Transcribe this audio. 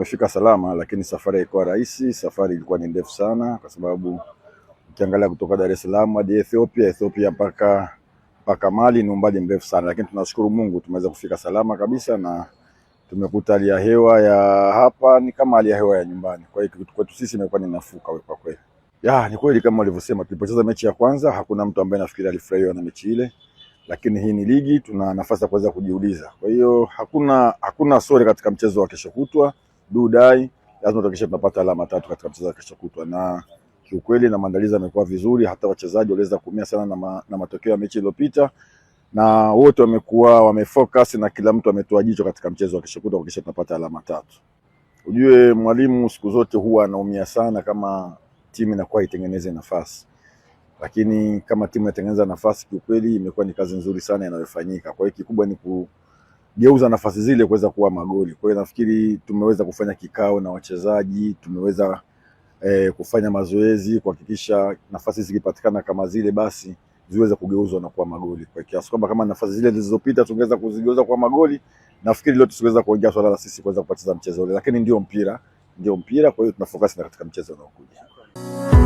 tumefika salama, lakini safari haikuwa rahisi. Safari ilikuwa ni ndefu sana, kwa sababu ukiangalia kutoka Dar es Salaam hadi Ethiopia, Ethiopia mpaka mpaka Mali ni umbali mrefu sana, lakini tunashukuru Mungu tumeweza kufika salama kabisa, na tumekuta hali ya hewa ya hapa ni kama hali ya hewa ya nyumbani. Kwa hiyo kwetu sisi imekuwa ni nafuka kwa kweli. Ya, ni kweli kama walivyosema, tulipocheza mechi ya kwanza hakuna mtu ambaye nafikiri alifurahiwa na mechi ile, lakini hii ni ligi, tuna nafasi ya kuweza kujiuliza. Kwa hiyo hakuna, hakuna sore katika mchezo wa kesho kutwa dudai, lazima tuhakikishe tunapata alama tatu katika mchezo wa kesho kutwa, na kiukweli na maandalizi yamekuwa vizuri, hata wachezaji waliweza kuumia sana na, ma, na matokeo ya mechi iliyopita, na wote wamekuwa wamefocus na kila mtu ametoa jicho katika mchezo wa kesho kutwa kuhakikisha tunapata alama tatu. Ujue mwalimu siku zote huwa anaumia sana kama timu inakuwa itengeneze nafasi lakini kama timu inatengeneza nafasi, kiukweli imekuwa ni kazi nzuri sana inayofanyika. Kwa hiyo kikubwa ni ku geuza nafasi zile kuweza kuwa magoli. Kwa hiyo nafikiri tumeweza kufanya kikao na wachezaji, tumeweza eh, kufanya mazoezi kuhakikisha nafasi zikipatikana kama zile basi ziweze kugeuzwa na kuwa magoli, kwa kiasi kwamba kama nafasi zile zilizopita tungeweza kuzigeuza kuwa magoli, nafikiri leo tusiweza kuongea swala la sisi kuweza kupoteza mchezo ule, lakini ndio mpira, ndio mpira. Kwa hiyo tunafokasi na katika mchezo unaokuja.